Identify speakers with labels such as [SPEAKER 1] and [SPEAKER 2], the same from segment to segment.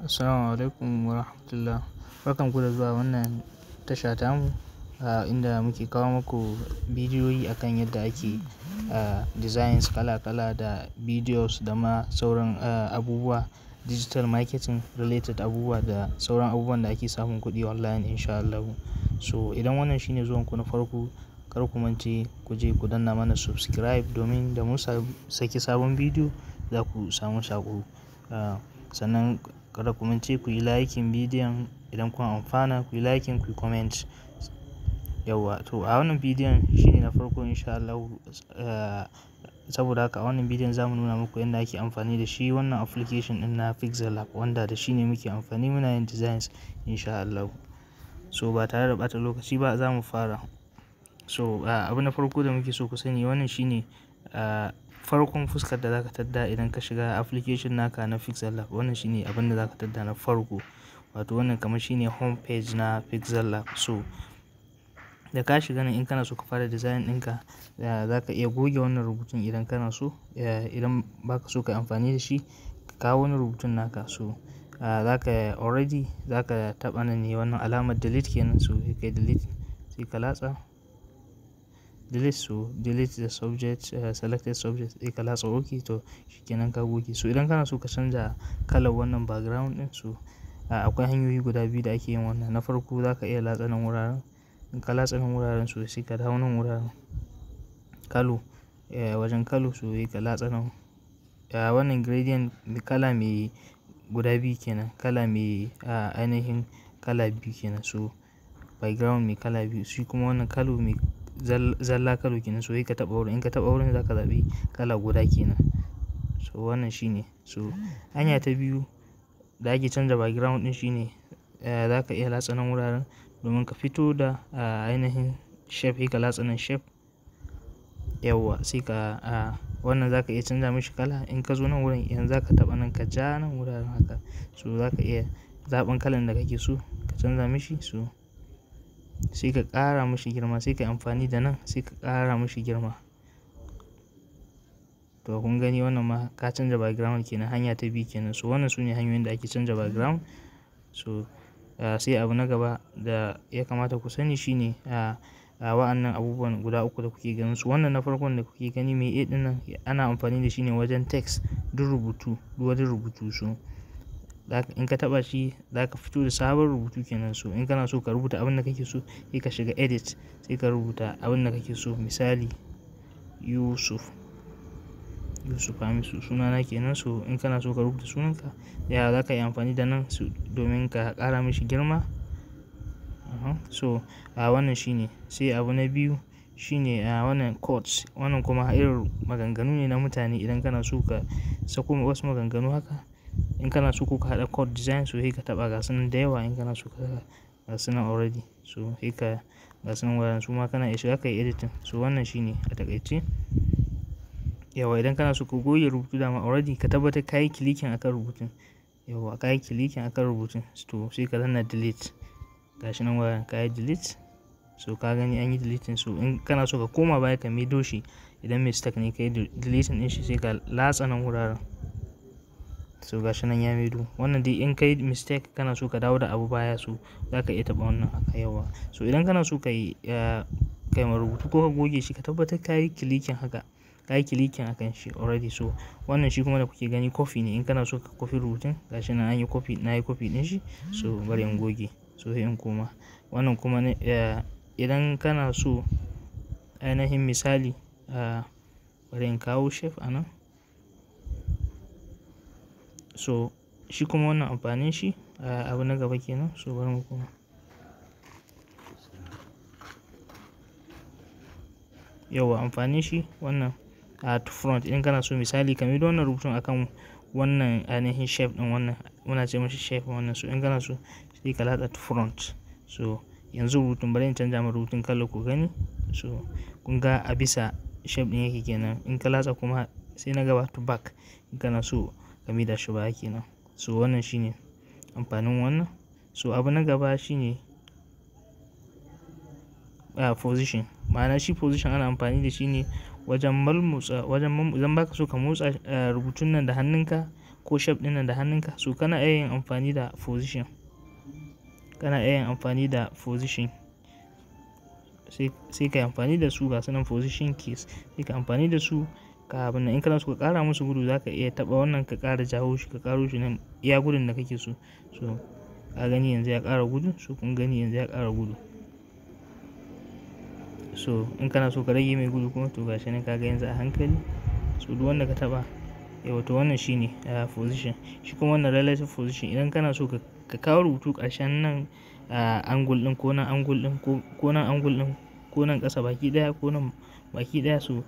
[SPEAKER 1] Assalamu alaikum wa rahmatullah. Barkan ku da zuwa wannan tasha tamu a inda muke kawo muku bidiyoyi akan yadda ake a designs kala-kala da videos da ma sauran abubuwa digital marketing related abubuwa da sauran abubuwan da ake samun kuɗi online insha Allah. So idan wannan shine zuwan ku na farko kar ku mance ku je ku danna mana subscribe domin da mun saki sabon bidiyo za ku samu saƙo. Sannan kada ku mance ku yi laikin bidiyon idan kun amfana ku yi laikin ku yi comment yawwa to a wannan bidiyon shine na farko insha Allah eh, saboda haka a wannan bidiyon zamu nuna muku yadda ake amfani da shi wannan application din na Pixel Lab wanda da shi ne muke amfani muna yin designs insha Allah so ba tare da bata lokaci ba za mu fara so eh, abu na farko da muke so ku sani wannan shine eh, farkon fuskar da zaka tadda idan ka shiga application naka na pixel lab wannan shine abin da zaka tadda na farko wato wannan kamar shine home page na pixel lab so da ka shiga nan in kana so ka fara design ɗinka za ka iya goge wannan rubutun idan kana so idan baka so ka amfani da shi ka kawo wani rubutun naka so za ka already za ka nan ne wannan alamar delete kenan so kai delete sai ka latsa delete su delete the subject uh, selected subject e ka latsa ok to shikenan ka goge so idan kana so ka canza kalar wannan background din su akwai hanyoyi guda biyu da ake yin wannan na farko za ka iya latsa nan wuraren in ka latsa nan wuraren su sai ka dawo nan wuraren kalo eh, wajen kalo su sai ka latsa nan wannan gradient kala mai guda biyu kenan kala mai ainihin kala biyu kenan so background mai kala biyu shi kuma wannan kalo mai zalla kalo kenan so sai ka taɓa wurin in ka taɓa wurin za ka zaɓi kala guda kenan so wannan shine so hanya ta biyu da ake canza background ɗin shine eh, za ka iya latsa nan wuraren domin ka fito da ah, ainihin shape ka latsa nan shape yawwa sai ka ah, wannan za ka iya canza mishi kala in ka zo nan wurin yanzu za ka taɓa nan ka ja nan wuraren haka so za ka iya zaɓen kalan da kake so ka canza mishi so sai ka ƙara mashi girma sai ka amfani da nan sai ka ƙara mashi girma to kun gani wannan ma ka canza background kenan hanya ta biyu kenan so wannan su ne hanyoyin da ake canja background so sai abu na gaba da ya kamata ku sani shine a a wa'annan abubuwan guda uku da kuke ganin su wannan na farkon da kuke gani mai a dinnan ana amfani da shi ne wajen text duk rubutu duk wani rubutu su in ka taɓa shi za ka fito da sabon rubutu kenan so in kana so ka rubuta abin da kake so sai ka shiga edit sai ka rubuta abin da kake so misali yusuf yusuf hamisu sunana kenan so in kana so ka rubuta sunanka ya za ka yi amfani da nan domin ka ƙara mishi girma so a wannan shine sai abu na biyu shine a wannan quotes wannan kuma irin maganganu ne na mutane idan kana so ka sako wasu maganganu haka in kana so ko ka haɗa code design so sai ka taɓa gasu nan da yawa in kana so ka gasu nan already so sai ka gasu nan wayan su ma kana iya shiga ka yi editing so wannan shine a takaice? yawa idan kana so ka goge rubutu dama already ka tabbatar ka yi akan rubutun yawa ka yi akan rubutun to sai ka zanna delete gashi nan wayan ka yi delete so ka gani an yi deleting so in kana so ka koma baya ka maido shi idan mistake ne ka yi deleting din shi sai ka latsa nan wuraren so gashi nan ya maido wannan dai in kai mistake kana so ka dawo da abu baya so zaka iya taɓa wannan a yawa so idan kana so ka yi kai rubutu ko ka goge shi ka tabbatar ka yi kilikin haka ka yi kilikin a kan shi already so wannan shi kuma da kuke gani kofi ne in kana so ka kofi rubutun gashi nan an kofi na yi kofi din shi so bari in goge so sai in koma wannan kuma idan kana so ainihin misali bari in kawo shef a nan so shi kuma wannan amfanin shi ah, abu na gaba kenan so bari mu koma yawa amfanin shi wannan a ah, front in kana so misali kamar da wannan rubutun akan wannan ainihin shape din wannan muna ce mashi shape wannan so in kana so sai ka latsa to front so yanzu rubutun bari in canja ma rubutun kallo ku gani so kun ga a bisa shape din yake kenan in ka latsa kuma sai na gaba to back in kana so ka da shi baya kenan so wannan shine amfanin wannan so abu na gaba shine a position ma'ana shi position ana amfani da shi ne wajen malmutsa wajen idan baka so ka motsa rubutun nan da hannunka ko shaf din nan da hannunka so kana iya yin amfani da position kana iya yin amfani da position sai ka yi amfani da su ga sunan position keys sai ka amfani da su ka abin nan in kana so ka kara musu gudu za ka iya taɓa wannan ka kara jawo shi ka karo shi nan iya gudun da kake so so ka gani yanzu ya kara gudu so kun gani yanzu ya kara gudu so in kana so ka rage mai gudu kuma to gashi ne ka ga yanzu a hankali so duk wanda ka taɓa ya wato wannan shine a position shi kuma wannan relative position idan kana so ka kawo rubutu karshen nan angle din ko nan angle din ko nan angle din ko nan ƙasa baki ɗaya ko nan baki ɗaya so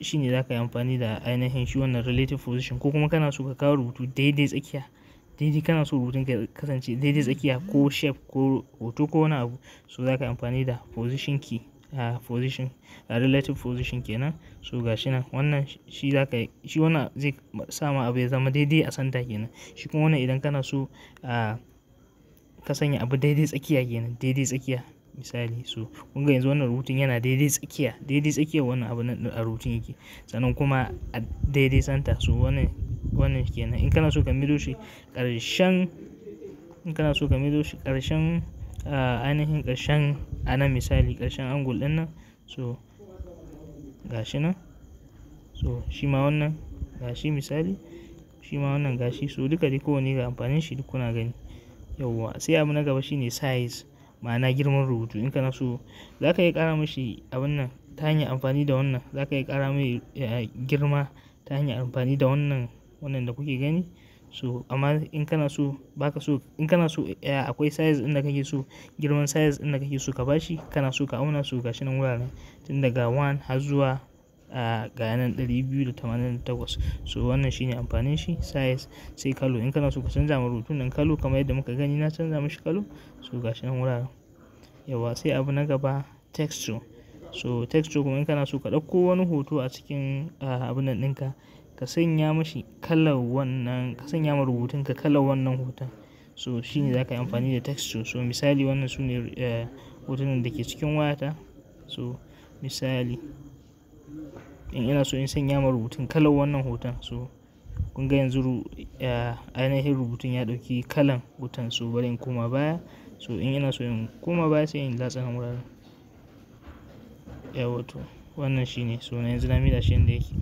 [SPEAKER 1] shine za ka yi amfani da ainihin shi wannan relative position ko kuma kana so ka kawo rubutu daidai tsakiya daidai kana so rubutun ka kasance daidai tsakiya ko shape ko hoto ko wani abu so za ka yi amfani da position key a position a relative position kenan so ga shi nan wannan shi za ka shi wannan zai sa ma abu ya zama daidai a santa kenan shi kuma wannan idan kana so a ka sanya abu daidai tsakiya kenan daidai tsakiya misali so kun ga yanzu wannan rubutun yana daidai tsakiya daidai tsakiya wannan abu nan a rubutun yake sannan kuma a daidai santa so wannan wannan kenan in kana so ka mido shi karshen in kana so ka mido shi karshen ah, ainihin karshen anan misali karshen angul din nan so gashi nan so shi ma wannan gashi misali shi ma wannan gashi so duka dai kowane ga amfanin shi duk kuna gani yawwa sai abu na gaba shine size ma'ana girman rubutu in kana so za ka yi ƙara mashi abin nan ta hanyar amfani da wannan za ka yi ƙara mai eh, girma ta hanyar amfani da wannan wannan da kuke gani so amma in kana so baka so in kana so eh, akwai size ɗin da kake so girman size ɗin da kake so ka bashi kana so ka auna su gashi nan wuraren tun daga 1 har zuwa a gayanan 288 so wannan shine amfanin shi size sai kalo in kana so ka canza ma rubutun nan kalo kamar yadda muka gani na canza mishi kalo so gashi nan wuraren yawa sai abu na gaba texture so texture kuma in kana so ka ɗauko wani hoto a cikin abun nan ɗinka ka sanya mishi kalar wannan ka sanya ma rubutun ka kalar wannan hoton so shine za ka yi amfani da texture so misali wannan sune eh, hotunan da ke cikin wayata so misali in ina so in sanya ma rubutun kalar wannan hoton so kun ga yanzu ainihin rubutun ya ɗauki kalan hoton so bari in koma baya so in ina so in koma baya sai in latsa na wuraren yawa to wannan shine so na yanzu na mida shi inda yake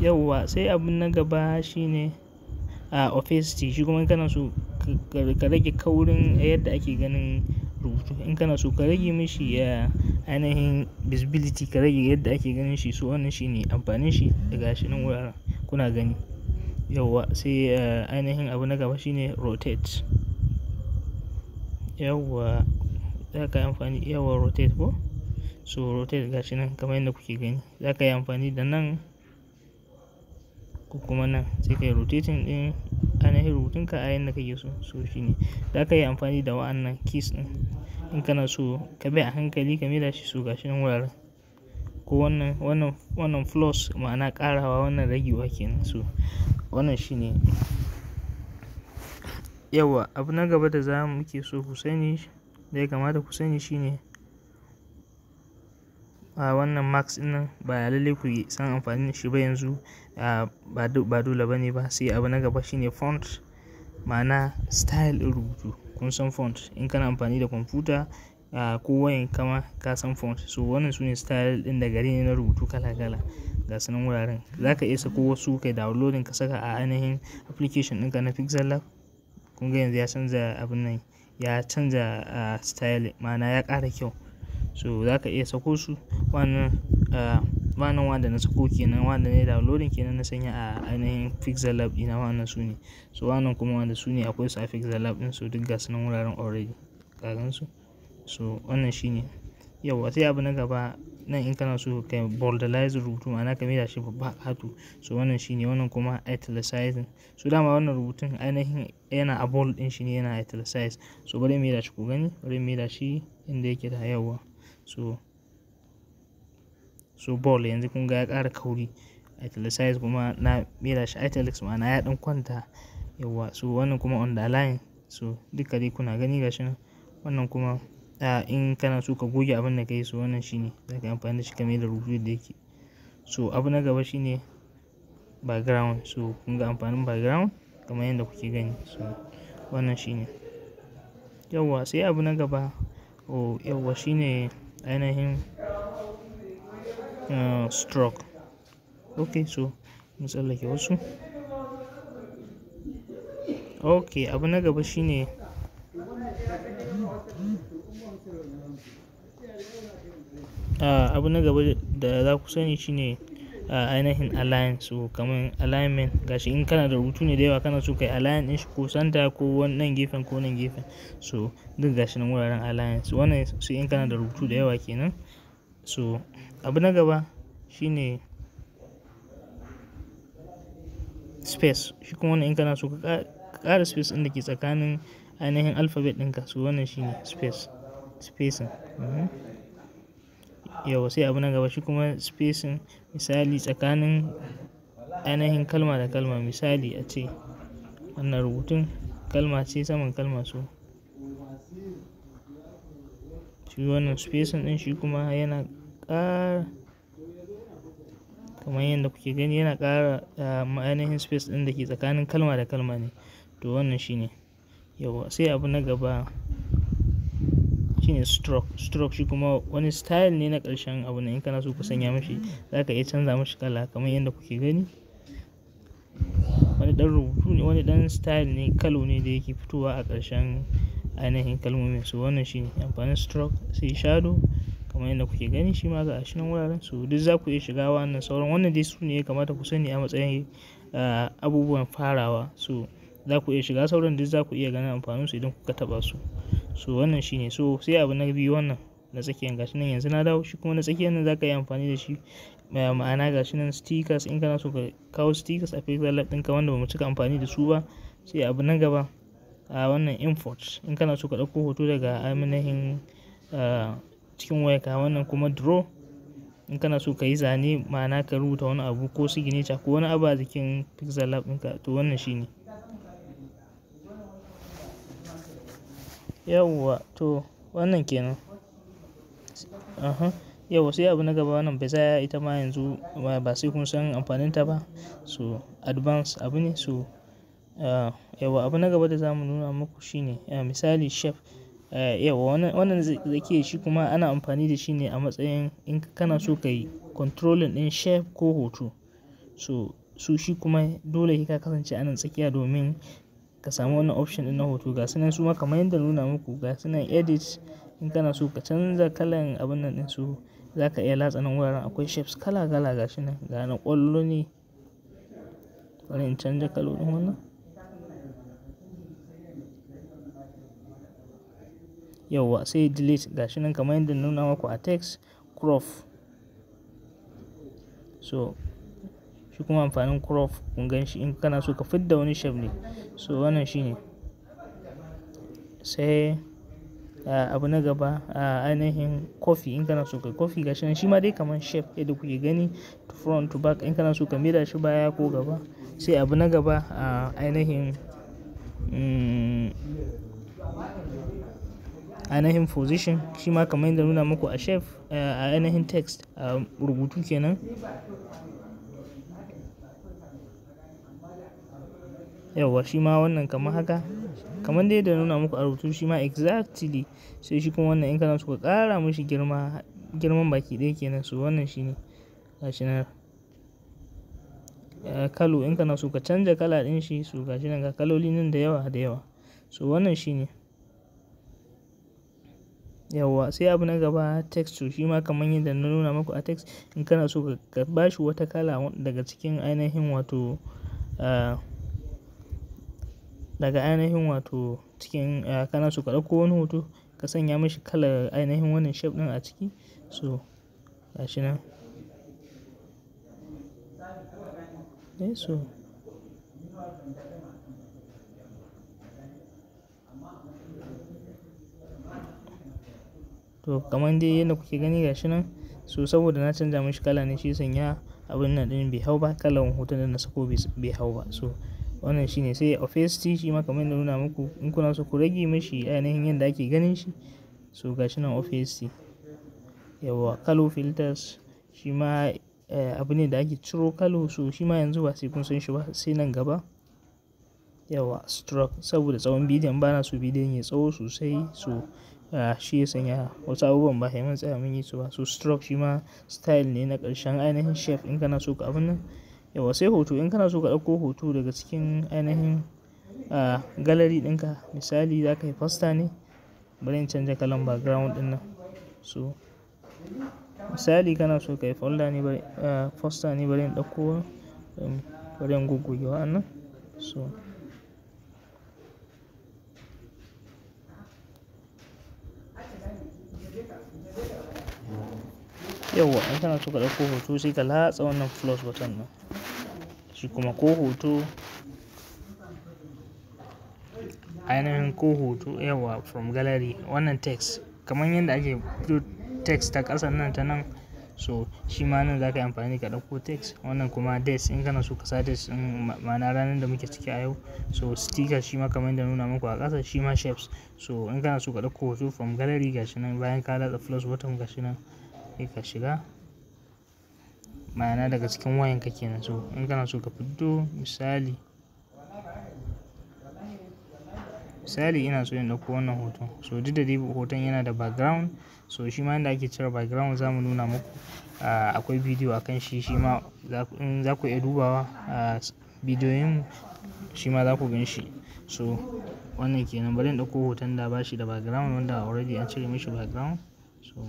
[SPEAKER 1] yawwa sai abun na gaba shine a opacity shi kuma kana so ka rage kaurin yadda ake ganin rubutu in kana so ka rage mishi ya ainihin visibility ka rage yadda ake ganin shi so wannan shine amfanin shi daga shi nan wuraren kuna gani yawwa sai eh, ainihin abu na gaba shine rotate yawwa za ka yi amfani yawwa rotate ko so rotate shi nan kamar yadda kuke gani za ka yi amfani da nan ko kuma nan sai ka yi rotating din ainihin ka a yanda kake so. So ne za ka yi amfani da wa'annan keys ɗin in kana so ka bi a hankali ka maida shi so gashi nan wuraren. Ko wannan, wannan, wannan plus ma'ana ƙarawa wannan ragewa kenan. So wannan shi ne. Yauwa abu na gaba da za mu ke so ku sani da ya kamata ku sani shine a wannan mask nan ba lalle ku san amfani da shi ba yanzu a ba dole ba ne ba sai abu na gaba shine font ma'ana style din rubutu kun san font in kana amfani da kwamfuta a ko wayan kama ka san font so wannan sune style ɗin da gari ni na rubutu kala kala ga sunan wuraren za ka iya sako wasu kai downloading ka saka a ainihin application ka na pixel lab kun ga yanzu ya canza abun nan ya canza style ma'ana ya ƙara kyau so za ka iya sako su wannan ah, wannan wanda na sako kenan wanda ne downloading kenan na sanya a ainihin pixel lab ina wannan su ne so wannan kuma wanda su ne akwai su a pixel lab din so duk ga sunan wuraren already kagan su so wannan shine yawa sai abu na gaba nan in kana so ka bolderize rubutu ma'ana ka da shi babba hatu so wannan shine wannan kuma italicizing so dama wannan rubutun ainihin yana a bold din shi ne yana italicized so bari da shi ku gani bari da shi inda yake da yawa so so ball yanzu kun ga ya ƙara kauri italicize kuma na mera shi italics ma'ana ya ɗan kwanta yawa so wannan kuma on the line so duka dai kuna gani gashi nan wannan kuma a in kana so ka goge abin da kai so wannan shine za ka amfani da shi kamar da rubutu da yake so abu na gaba shine background so kun ga amfanin background kamar yadda kuke gani so wannan shine yawa sai abu na gaba oh yawa shine ainihin uh, stroke okay so mu tsallake wasu okay abu na gaba shine uh, abu na gaba da za ku sani shine ainihin align so kamar alignment gashi in kana da rubutu ne da yawa kana so kai align din shi ko santa ko wannan gefen ko wannan gefen so duk gashi nan wuraren align so wannan su in kana da rubutu da yawa kenan so abu na gaba shine space shi kuma wannan in kana so ka kara space din da ke tsakanin ainihin alphabet ɗinka so wannan shine space spacing mhm. yawa sai abu na gaba shi kuma spacing misali tsakanin ainihin kalma da kalma misali a ce wannan rubutun kalma ce saman kalma so shi wannan spacing din shi kuma yana kara kamar yadda kuke gani yana ƙara ah, ainihin space ɗin da ke tsakanin kalma da kalma ne to wannan shine yawa sai abu na gaba shine stroke stroke shi kuma wani style ne na ƙarshen abu na in kana so ku sanya mashi za ka iya canza mashi kala kamar yadda kuke gani wani dan rubutu ne wani dan style ne kalo ne da yake fitowa a ƙarshen ainihin kalmomin su wannan shi ne amfanin stroke sai shadow kamar yadda kuke gani shi ma ga a nan wuraren su duk za ku iya shiga wannan sauran wannan dai su ne ya kamata ku sani a matsayin ah, abubuwan farawa su za ku iya shiga sauran duk za ku iya ganin amfanin su idan kuka taba su so wannan shi ne so sai abu na biyu wannan na tsakiyan gashi nan yanzu na dawo shi kuma na tsakiyan nan za ka yi amfani da shi ma'ana gashi nan stickers in kana so ka kawo stickers a pixel lab ɗinka wanda ba mu cika amfani da su ba sai abu na gaba a wannan import in kana so ka ɗauko hoto daga ainihin cikin waya ka wannan kuma draw in kana so ka yi zane ma'ana ka rubuta wani abu ko signature ko wani abu a jikin pixel lab ɗinka to wannan shine Yauwa to wannan kenan. Aha. Yauwa sai abu na gaba wannan fasaha ita ma yanzu ba sai kun san amfanin ta ba. So advance abu ne so, ah, yauwa abu na gaba da za mu nuna muku shine, ah, misali chef. Ah, yauwa wannan, da tsakiya shi kuma ana amfani da shi ne a matsayin in kana so ka yi controlling ɗin chef ko hoto. So, su shi kuma dole sai ka kasance a nan tsakiya domin ka samu wannan option ɗin na hoto ga su nan su ma kamar yadda nuna muku ga su nan edit in kana so ka canza kalan abin nan din su za ka iya latsa nan wuraren akwai shapes kala kala ga shi nan ga na kwallo ne bari in canza kalo din wannan yauwa sai delete ga shi nan kamar yadda nuna muku a text crop so shi kuma amfanin crop kun gan shi in kana so ka fidda wani shape ne so wannan shine sai abu na gaba a ainihin kofi in kana so ka kofi gashi nan shi ma dai kamar shape yadda kuke gani to front to back in kana so ka mira shi baya ko gaba sai abu na gaba a ainihin mm, ainihin position shi ma kamar yadda nuna muku a shape a ainihin text a rubutu kenan Yawa shi ma wannan kamar haka kamar dai da nuna muku a rubutu shi ma exactly sai shi kuma wannan in kana suka ka ƙara mishi girma girman baki ɗaya kenan Su wannan shi ne gashi nan eh, kalo in kana so ka canja kala ɗin shi su gashi nan ga kaloli nan da yawa da yawa so wannan shi ne Yawa sai abu na gaba text shi ma kamar yadda na nuna muku a text in kana so ka bashi wata kala daga cikin ainihin wato ah, daga ainihin wato cikin eh, kana so ka ɗauko wani hoto ka sanya mashi kalar ainihin wannan shape ɗin a ciki. So gashi nan. Eh so. To kamar dai yadda kuke gani gashi nan. So saboda na canja mashi kala ne shi ya sanya abin nan ɗin bai hau ba kalar hoton da na sako bai hau ba. So. wannan shine sai opacity shi ma kamar yadda nuna muku in kuna su ku rage mishi ainihin yadda ake ganin shi so gashi nan opacity yawa color filters shi ma eh, abu ne da ake ciro kalo so shi ma yanzu ba sai kun san shi ba sai nan gaba yawa stroke saboda tsawon bidiyon ba na so bidiyon ya tsawo sosai so ah, shi ya sanya wasu abubuwan ba sai mun tsaya mun yi su ba so stroke shi ma style ne na karshen ainihin shape in kana so ka abin nan yawa sai hoto in kana so ka ɗauko hoto daga cikin ainihin a ah, gallery ɗinka misali za ka yi fasta ne bari in canja kalan background ɗin nan so misali kana so ka yi folder ne bari fasta ah, ne bari in ɗauko um, bari in gugguge wa'annan so yawa in kana so ka ɗauko hoto sai ka latsa wannan plus button nan shi kuma ko hoto ainihin ko hoto yawa from gallery wannan text kamar yadda ake fito text ta kasar nan ta nan so shi ma nan za ka yi amfani ka ɗauko text wannan kuma dates in kana so ka sa dates ɗin ma'ana ranar da muke ciki a yau so sticker shi ma kamar yadda nuna muku a ƙasa shi ma shapes so in kana so ka ɗauko hoto from gallery gashi nan bayan ka latsa plus button gashi nan sai ka shiga ma'ana daga cikin wayan ka kenan so in kana so ka fito misali misali ina so in ɗauko wannan hoton so duk da dai hoton yana da background so shi ma yadda ake cire background za mu nuna muku akwai bidiyo a kan shi shi ma in za ku iya dubawa a bidiyoyin shi ma za ku gan shi so wannan kenan bari in ɗauko hoton da ba shi da background wanda already an cire mishi background so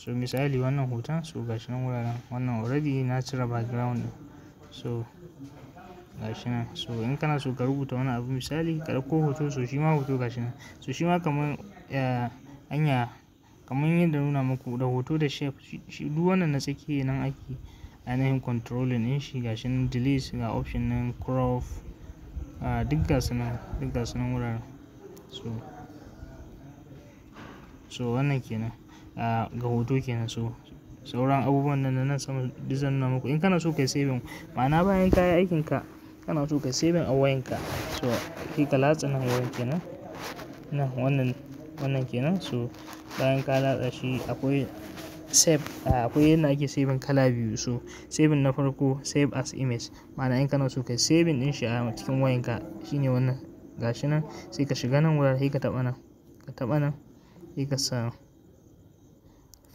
[SPEAKER 1] so misali wannan hoton so gashi nan wuraren wannan already na cire background ɗin so gashi nan so in kana so ka rubuta wani abu misali ka ɗauko hoto so shi ma hoto gashi nan so shi ma kamar hanya kamar yadda nuna muku da hoto da shape shi duk wannan na tsakiya nan ake ainihin controlling ɗin shi gashi nan delete ga option nan crop duk gasu nan duk gasu nan wuraren so so wannan kenan ga hoto kenan so sauran abubuwan nan nan sama duk zan nuna muku in kana so kai saving ma'ana bayan ka yi aikin ka kana so kai saving a wayanka so kai ka latsa nan wayan kenan nan wannan wannan kenan so bayan ka latsa shi akwai save akwai yadda ake saving kala biyu so saving na farko save as image ma'ana in kana so kai saving din shi a cikin wayanka shine wannan gashi nan sai ka shiga nan wurare sai ka taba nan ka taba nan sai ka sa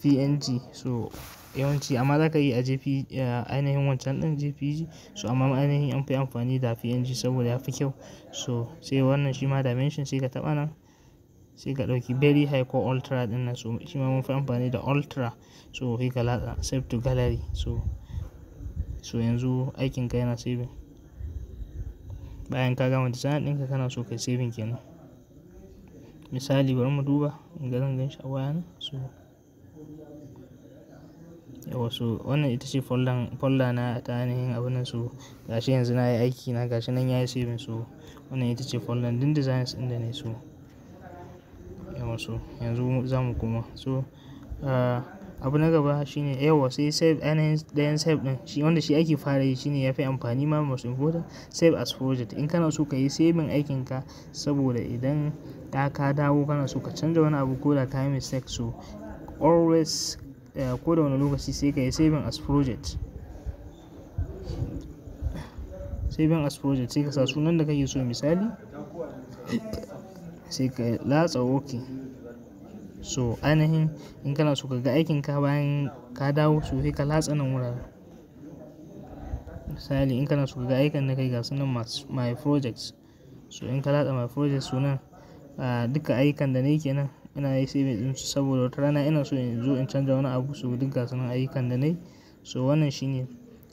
[SPEAKER 1] PNG so yawanci amma za ka iya a JP eh, ainihin wancan ɗin JPG so amma ainihin an fi amfani da PNG saboda ya fi kyau so sai wannan shi ma dimension sai ka taɓa nan sai ka ɗauki very high ko ultra ɗin nan so shi ma mun fi amfani da ultra so sai ka latsa save to gallery so so yanzu aikin ka yana saving bayan ka gama design ɗinka kana so kai saving kenan misali bari mu duba in ga zan gan shi a wayana so wasu wannan ita ce folder, na ta ainihin abunnan su gashi yanzu na yi aiki na gashi nan ya yi saving su wannan ita ce folder din designs ɗin da na yi su yawa so yanzu za mu kuma so ah, abu na gaba shine yawa sai save ainihin ɗayan save ɗin shi wanda shi ake fara yi shine ya fi amfani ma most important save as project in kana so ka yi saving aikinka saboda idan ka dawo kana so ka canza wani abu ko da ka yi mistake so always ko da wani lokaci sai ka yi saving as project saving as project sai ka sa sunan da kake so misali sai ka latsa ok so ainihin in kana so ka ga aikin ka bayan ka dawo so sai ka latsa nan wurare misali in kana so ka ga aikin da kai ga sunan my projects so in ka latsa my projects sunan ah, duka aikin da ne kenan ina yi saving din tsinci saboda wata rana ina so in zo in canza wani abu su duk ga nan ayyukan da yi so wannan ne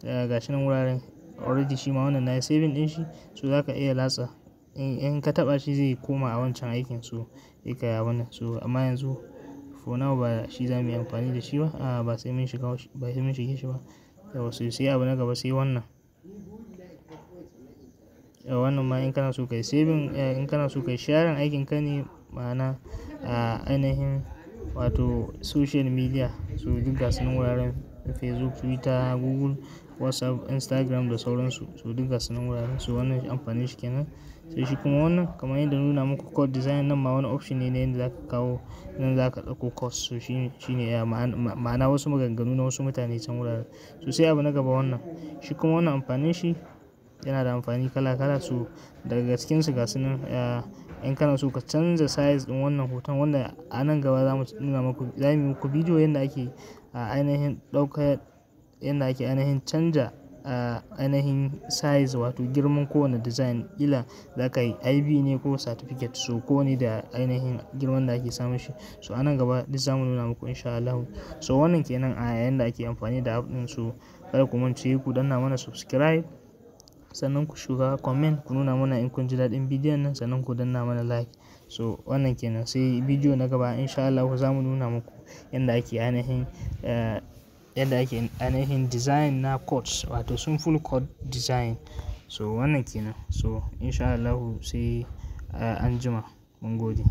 [SPEAKER 1] eh, ga shi nan wuraren already shi ma wannan na yi saving din shi so za ka iya latsa in ka taba shi zai koma a wancan aikin so ya kaya wannan so amma yanzu for now ba shi za mu yi amfani da shi ba ah, ba sai mun shiga ba sai shi ba yawa sai abu na gaba sai wannan Eh, wannan ma in kana so kai saving eh, in kana so kai share aikin ka ne ma'ana a ah, ainihin wato social media so duk ga sunan wuraren facebook twitter google whatsapp instagram da sauransu so duk ga sunan wuraren so wannan amfani shi kenan sai shi kuma wannan kamar yadda nuna muku code design nan ma wani option ne na yadda zaka kawo nan zaka dauko course so shine ne ya ah, ma'ana wasu maganganu na wasu mutane can wuraren Sosai sai abu na gaba wannan shi kuma wannan amfanin shi yana da amfani kala kala su daga cikinsu ga sunan yan kana so ka canza size din wannan hoton wanda a nan gaba za mu nuna muku za mu muku bidiyo yadda ake ainihin ɗaukar yadda ake ainihin canja a ainihin size wato girman kowane design ila za ka yi ib ne ko certificate so ko ne da ainihin girman da ake samun shi so a nan gaba duk zamu nuna muku insha Allah so wannan kenan a yayin da ake amfani da app su kada ku mance ku danna mana subscribe sannan ku shiga comment ku nuna mana in kun ji daɗin bidiyon nan sannan ku danna mana like. So wannan kenan sai bidiyo na gaba insha za mu nuna muku yadda ake ainihin eh, yadda ake ainihin design na codes wato full code design. So wannan kenan so insha sai eh, an jima mun gode.